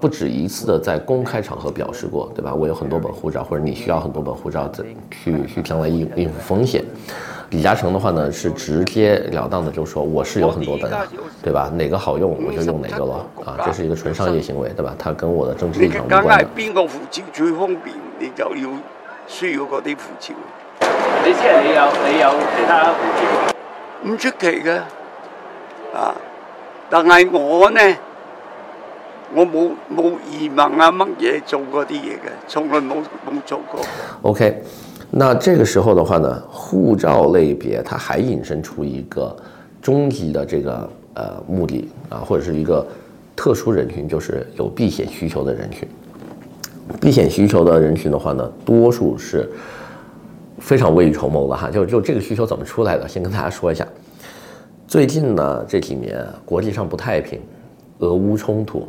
不止一次的在公開場合表示過，對吧？我有很多本護照，或者你需要很多本護照，怎去去將來應應付風險？李嘉誠的話呢，是直截了當的就說我是有很多本，對吧？哪個好用我就用哪個了啊！這是一個純商業行為，對吧？他跟我的政治立場無關。你梗係邊個護照最方便，你就要需要嗰啲護照。你知你有你有其他護照？唔出奇嘅啊，但係我呢？我冇冇疑問啊！乜嘢做過啲嘢嘅，從來冇冇做過的。OK，那這個時候的話呢，護照類別，它還引申出一個終極的這個呃目的啊，或者是一個特殊人群，就是有避險需求的人群。避險需求的人群的話呢，多數是非常未雨綢繆的，哈！就就這個需求怎麼出來的，先跟大家說一下。最近呢，這幾年國際上不太平，俄烏衝突。